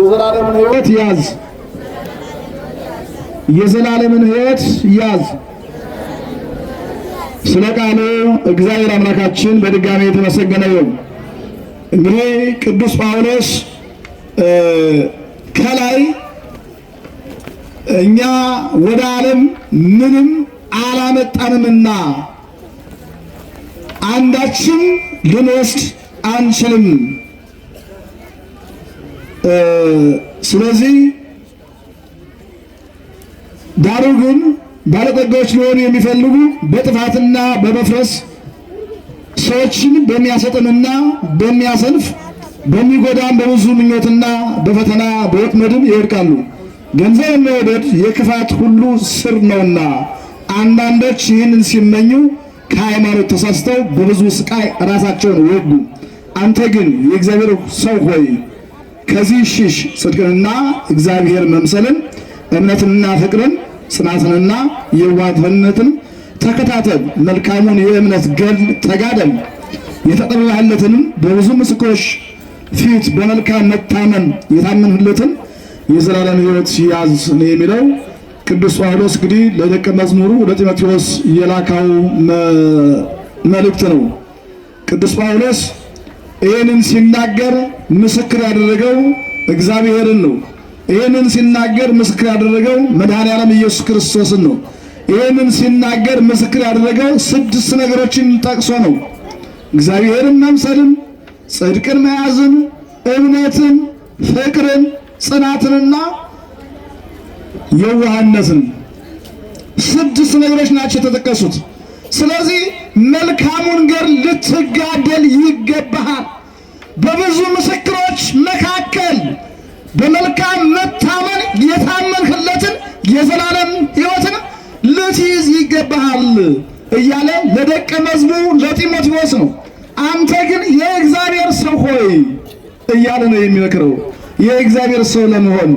የዘላለምን ሕይወት ያዝ፣ የዘላለምን ሕይወት ያዝ። ስለ ቃሉ እግዚአብሔር አምላካችን በድጋሚ የተመሰገነ ይሁን። እንግዲህ ቅዱስ ጳውሎስ ከላይ እኛ ወደ ዓለም ምንም አላመጣንምና አንዳችም ልንወስድ አንችልም ስለዚህ ዳሩ ግን ባለጠጋዎች ሊሆኑ የሚፈልጉ በጥፋትና በመፍረስ ሰዎችን በሚያሰጥምና በሚያሰንፍ በሚጎዳም በብዙ ምኞትና በፈተና በወጥመድም ይወድቃሉ። ገንዘብ መውደድ የክፋት ሁሉ ስር ነውና አንዳንዶች ይህንን ሲመኙ ከሃይማኖት ተሳስተው በብዙ ስቃይ ራሳቸውን ወጉ። አንተ ግን የእግዚአብሔር ሰው ሆይ ከዚህ ሽሽ ጽድቅንና እግዚአብሔር መምሰልን እምነትንና ፍቅርን ጽናትንና የዋህነትን ተከታተል። መልካሙን የእምነት ገል ተጋደል። የተጠራህለትንም በብዙ ምስክሮች ፊት በመልካም መታመን የታመንህለትን የዘላለም ሕይወት ያዝ ነው የሚለው ቅዱስ ጳውሎስ እንግዲህ ለደቀ መዝሙሩ ለጢሞቴዎስ የላካው መልእክት ነው። ቅዱስ ጳውሎስ ይህንን ሲናገር ምስክር ያደረገው እግዚአብሔርን ነው። ይህንን ሲናገር ምስክር ያደረገው መድኃኔዓለም ኢየሱስ ክርስቶስን ነው። ይህንን ሲናገር ምስክር ያደረገው ስድስት ነገሮችን ጠቅሶ ነው። እግዚአብሔርን መምሰልን፣ ጽድቅን መያዝን፣ እምነትን፣ ፍቅርን፣ ጽናትንና የዋህነትን ስድስት ነገሮች ናቸው የተጠቀሱት። ስለዚህ መልካሙን ገር ልትጋደል ይገባሃል። በብዙ ምስክሮች መካከል በመልካም መታመን የታመንህለትን የዘላለም ሕይወትን ልትይዝ ይገባሃል እያለ ለደቀ መዝሙ ለጢሞቴዎስ ነው። አንተ ግን የእግዚአብሔር ሰው ሆይ እያለ ነው የሚመክረው። የእግዚአብሔር ሰው ለመሆን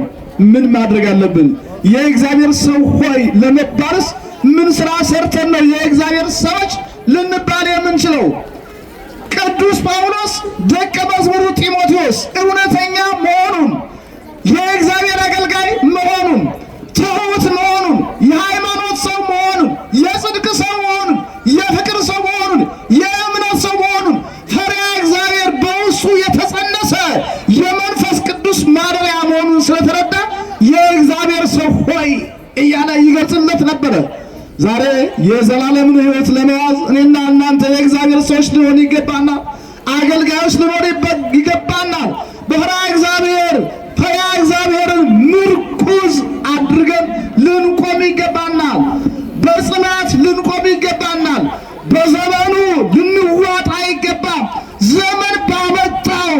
ምን ማድረግ አለብን? የእግዚአብሔር ሰው ሆይ ለመባልስ ምን ስራ ሰርተን ነው የእግዚአብሔር ሰዎች ልንባል የምንችለው። ቅዱስ ጳውሎስ ደቀ መዝሙሩ ጢሞቴዎስ እውነተኛ መሆኑን የእግዚአብሔር አገልጋይ መሆኑን ትሑት መሆኑን የሃይማኖት ሰው መሆኑን የጽድቅ ሰው መሆኑን የፍቅር ሰው መሆኑን የእምነት ሰው መሆኑን ፈሪሃ እግዚአብሔር በውሱ የተጸነሰ የመንፈስ ቅዱስ ማደሪያ መሆኑን ስለተረዳ የእግዚአብሔር ሰው ሆይ እያለ ይገልጽለት ነበረ። ዛሬ የዘላለምን ህይወት ለመያዝ እኔና እናንተ የእግዚአብሔር ሰዎች ልሆን ይገባናል። አገልጋዮች ልሆን ይገባናል። በፍርሃተ እግዚአብሔር ፈያ እግዚአብሔርን ምርኩዝ አድርገን ልንቆም ይገባናል። በጽናት ልንቆም ይገባናል። በዘመኑ ልንዋጣ አይገባም። ዘመን ባመጣው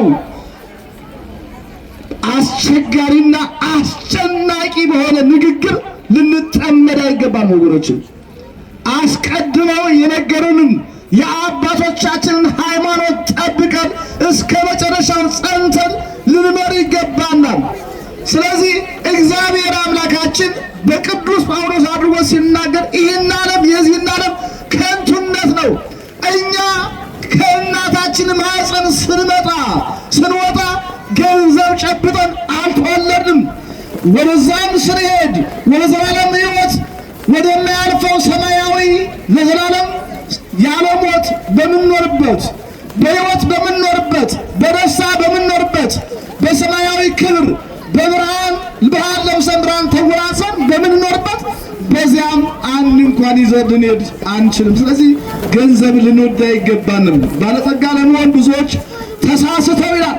አስቸጋሪና አስጨናቂ በሆነ ንግግር ልንጠመድ አይገባም ወገኖች። አስቀድመው የነገሩንን የአባቶቻችንን ሃይማኖት ጠብቀን እስከ መጨረሻው ጸንተን ልንመር ይገባናል። ስለዚህ እግዚአብሔር አምላካችን በቅዱስ ጳውሎስ አድርጎ ሲናገር ይህን ዓለም የዚህን ዓለም ከንቱነት ነው። እኛ ከእናታችን ማኅፀን ስንመጣ ስንወጣ ገንዘብ ጨብጠን አልተወለድም። ወደዛም ስንሄድ ወደ ዘላለም ሕይወት ወደማያልፈው ሰማያዊ ለዘላለም ያለ ሞት በምንኖርበት በሕይወት በምንኖርበት በደስታ በምንኖርበት በሰማያዊ ክብር በብርሃን ብርሃን ለብሰን ብርሃን ተጎናጽፈን በምንኖርበት በዚያም አንድ እንኳን ይዘን ልንሄድ አንችልም። ስለዚህ ገንዘብ ልንወድ አይገባንም። ባለጠጋ ለመሆን ብዙዎች ተሳስተው ይላል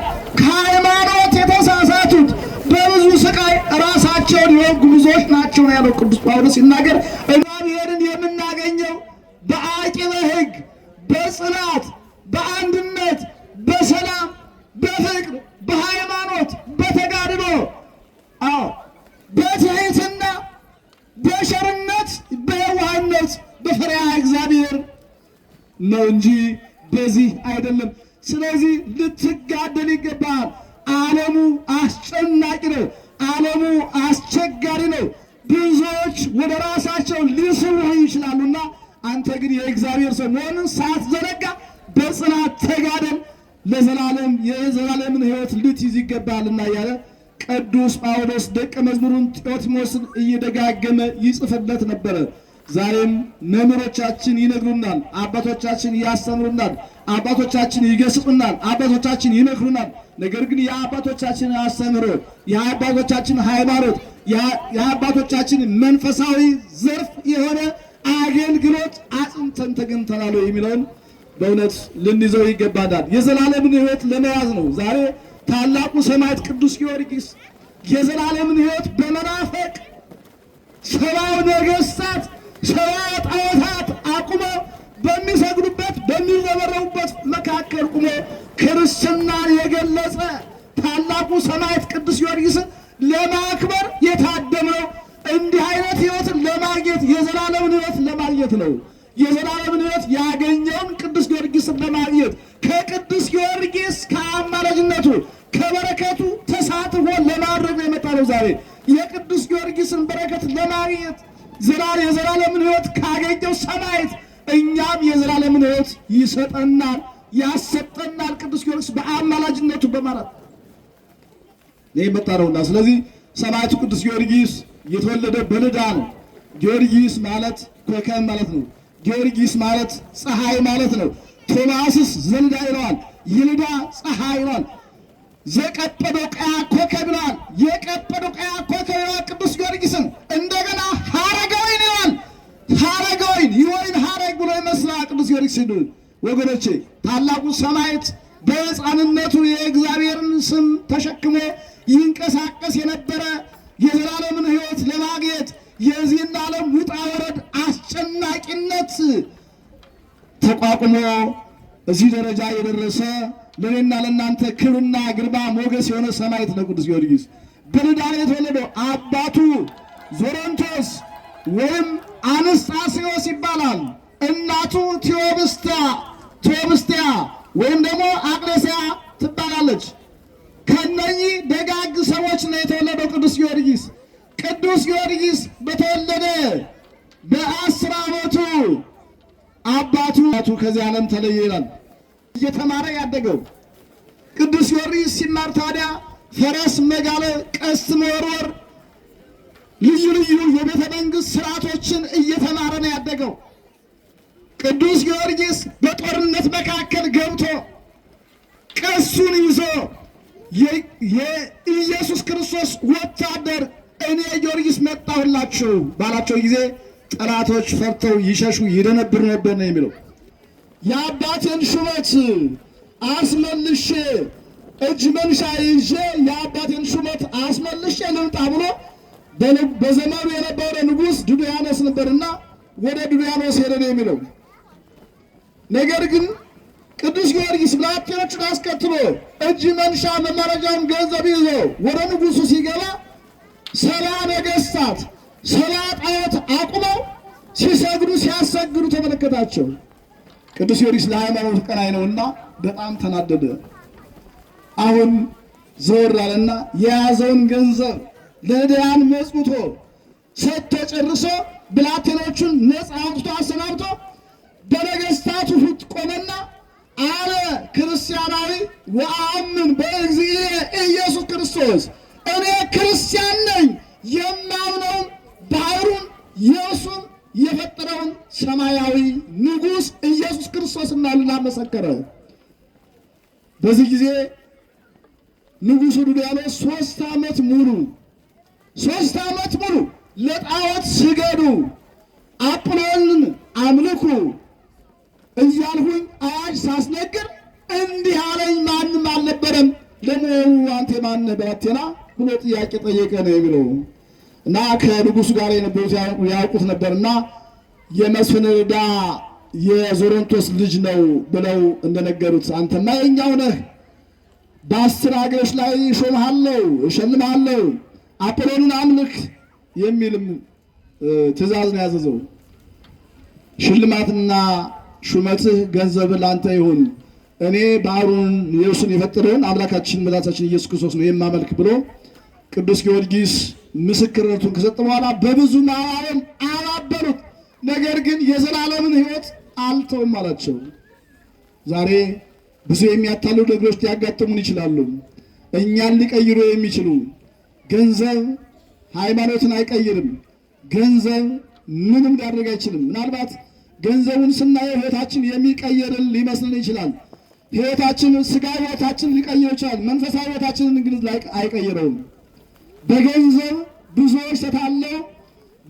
ጉብዞች ናቸው ነው ያለው ቅዱስ ጳውሎስ ሲናገር። እግዚአብሔርን የምናገኘው በአቂበ ሕግ፣ በጽናት፣ በአንድነት፣ በሰላም፣ በፍቅር፣ በሃይማኖት፣ በተጋድሎ፣ አዎ በትሕትና፣ በሸርነት፣ በየዋህነት፣ በፍሪያ እግዚአብሔር ነው እንጂ በዚህ አይደለም። ስለዚህ ልትጋደል ይገባል። ዓለሙ አስጨናቂ ነው። ዓለሙ አስቸጋሪ ነው። ብዙዎች ወደ ራሳቸው ሊስቡህ ይችላሉና አንተ ግን የእግዚአብሔር ሰው መሆንን ሳትዘነጋ በጽናት ተጋደል ለዘላለም የዘላለምን ሕይወት ልትይዝ ይገባልና እያለ ቅዱስ ጳውሎስ ደቀ መዝሙሩን ጢሞቴዎስን እየደጋገመ ይጽፍለት ነበረ። ዛሬም መምህሮቻችን ይነግሩናል፣ አባቶቻችን ያስተምሩናል፣ አባቶቻችን ይገስጡናል፣ አባቶቻችን ይመክሩናል። ነገር ግን የአባቶቻችን አስተምሮ የአባቶቻችን ሃይማኖት የአባቶቻችን መንፈሳዊ ዘርፍ የሆነ አገልግሎት አጽንተን ተገኝተናል የሚለውን በእውነት ልንይዘው ይገባናል። የዘላለምን ህይወት ለመያዝ ነው ዛሬ ታላቁ ሰማዕት ቅዱስ ጊዮርጊስ የዘላለምን ህይወት በመናፈቅ ሰባው ነገስታት ሰባ ጣዖታት አቁሞ በሚሰግዱበት በሚዘበረቡበት መካከል ቁሞ ክርስትናን የገለጸ ታላቁ ሰማዕት ቅዱስ ጊዮርጊስ ለማክበር የታደመው እንዲህ አይነት ህይወት ለማግኘት የዘላለምን ሕይወት ለማግኘት ነው። የዘላለምን ሕይወት ያገኘውን ቅዱስ ጊዮርጊስን ለማግኘት ከቅዱስ ጊዮርጊስ ከአማላጅነቱ ከበረከቱ ተሳትፎ ለማድረግ ነው የመጣ ነው። ዛሬ የቅዱስ ጊዮርጊስን በረከት ለማግኘት ዝራር የዘላለምን ህይወት ካገኘው ሰማይት እኛም የዘላለምን ህይወት ይሰጠናል ያሰጠናል ቅዱስ ጊዮርጊስ በአማላጅነቱ በማራት ይህ መጣ ስለዚህ ሰማዕቱ ቅዱስ ጊዮርጊስ የተወለደ በልዳ ነው። ጊዮርጊስ ማለት ኮከብ ማለት ነው። ጊዮርጊስ ማለት ፀሐይ ማለት ነው። ቶማስስ ዘልዳ ይለዋል፣ ይልዳ ፀሐይ ይለዋል። ዘቀጰዶቅያ ኮከብ ይለዋል፣ የቀጰዶቅያ ኮከብ ሲሉ ወገኖቼ ታላቁ ሰማዕት በሕፃንነቱ የእግዚአብሔርን ስም ተሸክሞ ይንቀሳቀስ የነበረ የዘላለምን ሕይወት ለማግኘት የዚህን ዓለም ውጣ ወረድ አስጨናቂነት ተቋቁሞ እዚህ ደረጃ የደረሰ ለእኔና ለእናንተ ክብርና ግርማ ሞገስ የሆነ ሰማዕት ነው ቅዱስ ጊዮርጊስ። በልዳን የተወለደው አባቱ ዞሮንቶስ ወይም አንስታሴዎስ ይባላል። እናቱ ቴዎብስቲያ ወይም ደግሞ አቅሌስያ ትባላለች። ከነኚህ ደጋግ ሰዎች ነው የተወለደው ቅዱስ ጊዮርጊስ። ቅዱስ ጊዮርጊስ በተወለደ በአስር ዓመቱ አባቱ ከዚህ ዓለም ተለየ ይላል። እየተማረ ያደገው ቅዱስ ጊዮርጊስ ሲማር ታዲያ ፈረስ መጋለብ፣ ቀስት መወርወር፣ ልዩ ልዩ የቤተ መንግሥት ስርዓቶችን እየተማረ ነው ያደገው። ቅዱስ ጊዮርጊስ በጦርነት መካከል ገብቶ ቀሱን ይዞ የኢየሱስ ክርስቶስ ወታደር እኔ ጊዮርጊስ መጣሁላችሁ ባላቸው ጊዜ ጠላቶች ፈርተው ይሸሹ ይደነብር ነበር ነው የሚለው። የአባቴን ሹመት አስመልሼ እጅ መንሻ ይዤ የአባቴን ሹመት አስመልሼ ልምጣ ብሎ በዘመኑ የነበረ ንጉሥ ዱድያኖስ ነበርና ወደ ዱድያኖስ ሄደ ነው የሚለው። ነገር ግን ቅዱስ ጊዮርጊስ ብላቴኖችን አስከትሎ እጅ መንሻ መማረጃውን ገንዘብ ይዞ ወደ ንጉሱ ሲገባ ሰላ ነገስታት ሰላ ጣዖት አቁመው ሲሰግዱ ሲያሰግዱ ተመለከታቸው። ቅዱስ ጊዮርጊስ ለሃይማኖት ቀናይ ነውና በጣም ተናደደ። አሁን ዘወር አለና የያዘውን ገንዘብ ለድያን መጽቶ ሰጥቶ ጨርሶ ብላቴኖቹን ነፃ አውጥቶ አሰናብቶ በነገሥታቱ ፊት ቆመና አለ ክርስቲያናዊ ወአምን በእግዚእየ ኢየሱስ ክርስቶስ እኔ ክርስቲያን ነኝ የማምነውን ባህሩን የእሱን የፈጠረውን ሰማያዊ ንጉሥ ኢየሱስ ክርስቶስ እናልና መሰከረ። በዚህ ጊዜ ንጉሡ ዱድያኖስ ሶስት ዓመት ሙሉ ሶስት ዓመት ሙሉ ለጣዖት ስገዱ፣ አጵሎንን አምልኩ ሳስነግር እንዲህ አለኝ፣ ማንም አልነበረም። ለነው አንተ ማነህ ብላቴና ብሎ ጥያቄ ጠየቀ ነው የሚለው እና ከንጉሱ ጋር የነበሩት ያውቁት ነበርና የመስፍን ዕዳ የዞሮንቶስ ልጅ ነው ብለው እንደነገሩት አንተማ የኛው ነህ፣ በአስር አገሮች ላይ ሾምሃለው፣ እሸልምሃለው፣ አፖሎንን አምልክ የሚልም ትእዛዝ ነው ያዘዘው ሽልማትና ሹመትህ ገንዘብ ለአንተ ይሁን፣ እኔ ባህሩን የብሱን የፈጠረውን አምላካችን መላሳችን ኢየሱስ ክርስቶስ ነው የማመልክ ብሎ ቅዱስ ጊዮርጊስ ምስክርነቱን ከሰጠ በኋላ በብዙ ናዋይን አባበሉት። ነገር ግን የዘላለምን ሕይወት አልተውም አላቸው። ዛሬ ብዙ የሚያታሉ ነገሮች ሊያጋጥሙን ይችላሉ። እኛን ሊቀይሩ የሚችሉ ገንዘብ ሃይማኖትን አይቀይርም። ገንዘብ ምንም ሊያደርግ አይችልም። ምናልባት ገንዘቡን ስናየው ህይወታችን የሚቀየርን ሊመስልን ይችላል። ህይወታችን ስጋ ሕይወታችን ሊቀይር ይችላል። መንፈሳዊ ሕይወታችንን እንግዲህ አይቀይረውም። በገንዘብ ብዙዎች ተታለው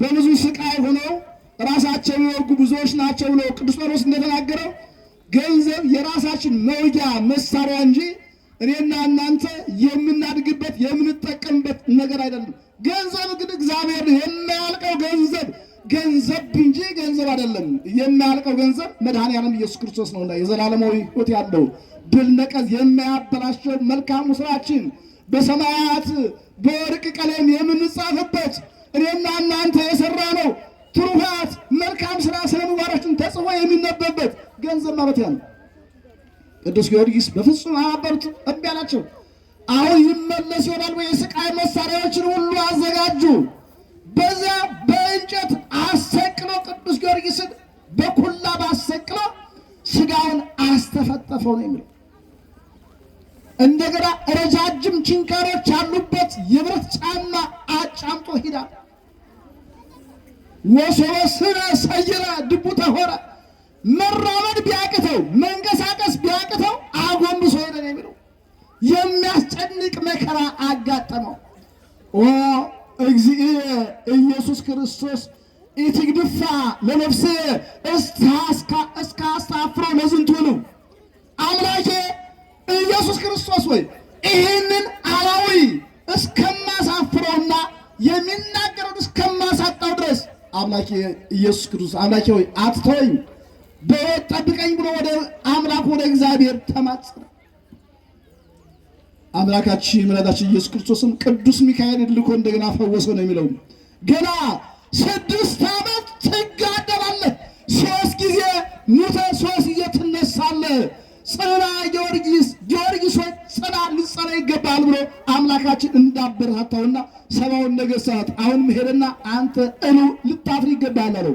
በብዙ ስቃይ ሆነው ራሳቸው የወጉ ብዙዎች ናቸው ብሎ ቅዱስ ጳውሎስ እንደተናገረው ገንዘብ የራሳችን መውጊያ መሳሪያ እንጂ እኔና እናንተ የምናድግበት የምንጠቀምበት ነገር አይደለም። ገንዘብ ግን እግዚአብሔር ገንዘብ እንጂ ገንዘብ አይደለም። የማያልቀው ገንዘብ መድኃኔዓለም ኢየሱስ ክርስቶስ ነውና የዘላለማዊ ሕይወት ያለው ድል ነቀዝ የማያበላሸው መልካሙ ስራችን በሰማያት በወርቅ ቀለም የምንጻፍበት እኔና እናንተ የሰራ ነው ትሩፋት መልካም ስራ ስለምግባራችን ተጽፎ የሚነበብበት ገንዘብ ማለት ያ ነው። ቅዱስ ጊዮርጊስ በፍጹም አበርቱ እምቢ አላቸው። አሁን ይመለስ ይሆናል ወይ? የስቃይ መሳሪያዎችን ሁሉ አዘጋጁ። የታጠፈው ነው የሚለው። እንደገና ረጃጅም ችንካሮች ያሉበት የብረት ጫማ አጫምጦ ሂዳ ወሶበ ስነ ሰይረ ድቡ ተሆረ መራመድ ቢያቅተው መንቀሳቀስ ቢያቅተው አጎንብሶ ሄደ ነው የሚለው። የሚያስጨንቅ መከራ አጋጠመው። እግዚእ ኢየሱስ ክርስቶስ ኢትግድፋ ለነፍሴ እስከ አስታፍሮ ለዝንቱ ነው አምላኬ ኢየሱስ ክርስቶስ ወይ ይህንን አላዊ እስከማሳፍረውና የሚናገረውን እስከማሳጣው ድረስ አምላኬ ኢየሱስ ክርስቶስ አምላኬ ወይ አትተወኝ፣ በሕይወት ጠብቀኝ ብሎ ወደ አምላኩ ወደ እግዚአብሔር ተማጸነ። አምላካችን መድኃኒታችን ኢየሱስ ክርስቶስም ቅዱስ ሚካኤል ልኮ እንደገና ፈወሰ ነው የሚለው። ገና ስድስት ዓመት ትጋደላለህ፣ ሶስት ጊዜ ሙተ ሶስት ጊዜ ትነሳለህ ጽና ጊዮርጊስ ጊዮርጊስ ሆይ ጽና ልትጸና ይገባል ብሎ አምላካችን እንዳበረታታውና ሰባውን ነገሥታት አሁንም ሄደና አንተ እሉ ልታፍር ይገባል አለው።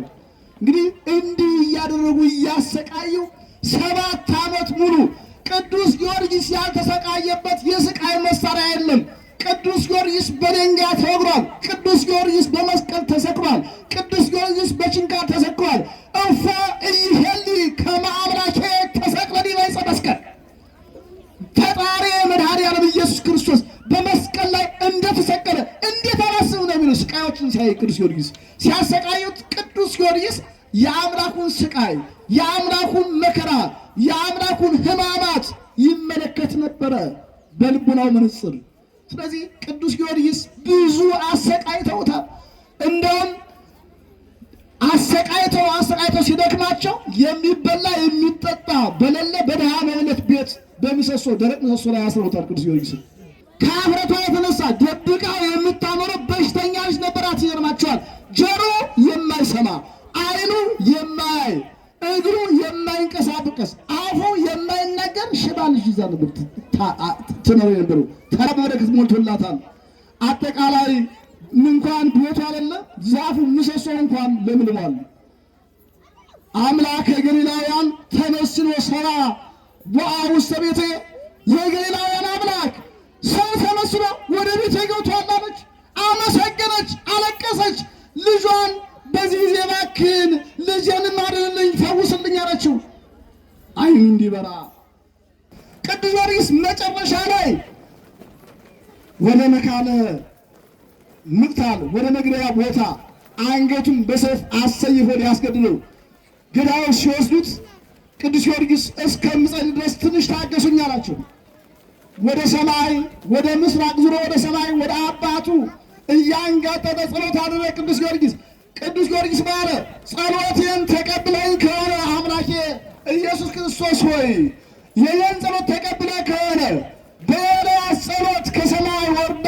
እንግዲህ እንዲህ እያደረጉ እያሰቃዩ ሰባት ዓመት ሙሉ ቅዱስ ጊዮርጊስ ያልተሰቃየበት የስቃይ መሳሪያ የለም። ቅዱስ ጊዮርጊስ በደንጋ ተወግሯል። ቅዱስ ጊዮርጊስ በመስቀል ተሰቅሏል። ቅዱስ ጊዮርጊስ ሲያሰቃዩት፣ ቅዱስ ጊዮርጊስ የአምላኩን ስቃይ፣ የአምላኩን መከራ፣ የአምላኩን ሕማማት ይመለከት ነበረ በልቡናው መነጽር። ስለዚህ ቅዱስ ጊዮርጊስ ብዙ አሰቃይተውታል። እንደውም አሰቃይተው አሰቃይተው ሲደክማቸው የሚበላ የሚጠጣ በሌለ በድሃ መለት ቤት በምሰሶ ደረቅ ምሰሶ ላይ አስረውታል። ቅዱስ ጊዮርጊስ ከአፍረቷ የተነሳ ደብቃ እግሩ የማይንቀሳቀስ አፉ የማይናገር ሽባ ልጅ ይዛ ነበር ትኖር የነበሩ ተራ በረከት ሞልቶላታል። አጠቃላይ እንኳን ቦቱ አለለ ዛፉ ምሰሶ እንኳን ለምልሟል። አምላክ የገሊላውያን ተመስሎ ሰራ ቦአ ውስተ ቤቴ የገሊላውያን አምላክ ሰው ተመስሎ ወደ ቤቴ ገብቷል አለች፣ አመሰገነች፣ አለቀሰች ልጇን በዚህ ጊዜ እባክህን ልጄንም አድንልኝ ፈውስልኝ አለችው። ዓይኑ እንዲበራ ቅዱስ ጊዮርጊስ መጨረሻ ላይ ወደ መካነ ምቅታል ወደ መግደያ ቦታ አንገቱን በሰይፍ አሰይፎ ሊያስገድለው ገዳዮች ሲወስዱት ቅዱስ ጊዮርጊስ እስከምጸን ድረስ ትንሽ ታገሱኝ አላቸው። ወደ ሰማይ ወደ ምስራቅ ዙሮ ወደ ሰማይ ወደ አባቱ እያንጋጠጠ ጸሎት አደረ ቅዱስ ጊዮርጊስ። ቅዱስ ጊዮርጊስ ባለ ጸሎቴን ተቀብለኝ ከሆነ አምላኬ ኢየሱስ ክርስቶስ ሆይ የየን ጸሎት ተቀብለ ከሆነ በኤልያስ ጸሎት ከሰማይ ወርዳ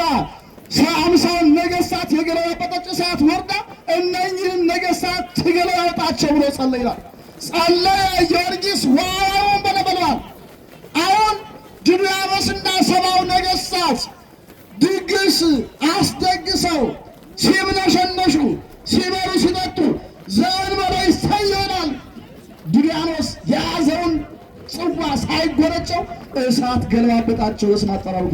ሳምሳን ነገስታት የገለባበጠች እሳት ወርዳ እነኝህን ነገሥታት ትገለባብጣቸው ብሎ ጸለ ይላል። ጸለ ጊዮርጊስ ዋውን በለበለዋል። አሁን ድድያኖስና ሰባው ነገስታት ድግስ አስደግሰው ሲምነሸነሹ ሲበሩ ሲጠጡ ዘውን በላይ ይሳይ ይሆናል። ዲዲያኖስ የያዘውን ጽዋ ሳይጎረጨው እሳት ገለባበጣቸው። በስመ አብ ጠራሩ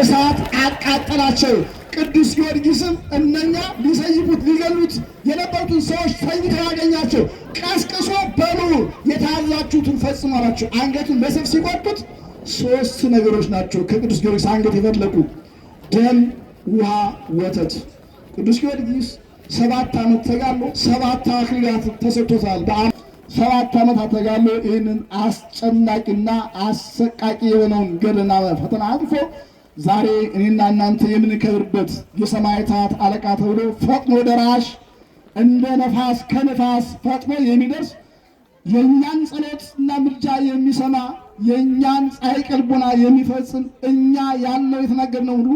እሳት አቃጠላቸው። ቅዱስ ጊዮርጊስም እነኛ ሊሰይፉት ሊገሉት የነበሩትን ሰዎች ሰይተው ያገኛቸው ቀስቅሶ በሉ የታዛችሁትን ፈጽሞ አላቸው። አንገቱን በሰይፍ ሲቆርጡት ሶስት ነገሮች ናቸው ከቅዱስ ጊዮርጊስ አንገት የፈለቁ ደም፣ ውሃ፣ ወተት ቅዱስ ጊዮርጊስ ሰባት ዓመት ተጋሎ ሰባት አክሊላት ተሰጥቶታል። ሰባት ዓመታት ተጋሎ ይህንን አስጨናቂና አሰቃቂ የሆነውን ገድልና ፈተና አልፎ ዛሬ እኔና እናንተ የምንከብርበት የሰማዕታት አለቃ ተብሎ ፈጥኖ ደራሽ እንደ ነፋስ ከነፋስ ፈጥኖ የሚደርስ የእኛን እና ምልጃ የሚሰማ የእኛን ጻድቅ የሚፈጽም እኛ ያለው የተናገርነው ሁሉ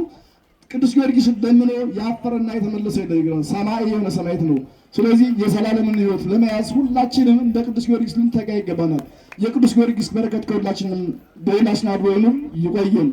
ቅዱስ ጊዮርጊስ ለምኖ ያፈረና የተመለሰ ይደግራ ሰማይ የሆነ ሰማይት ነው። ስለዚህ የዘላለምን ህይወት ለመያዝ ሁላችንም እንደ ቅዱስ ጊዮርጊስ ልንተጋ ይገባናል። የቅዱስ ጊዮርጊስ በረከት ከሁላችንም በሁላችን አብሮ ይቆየን።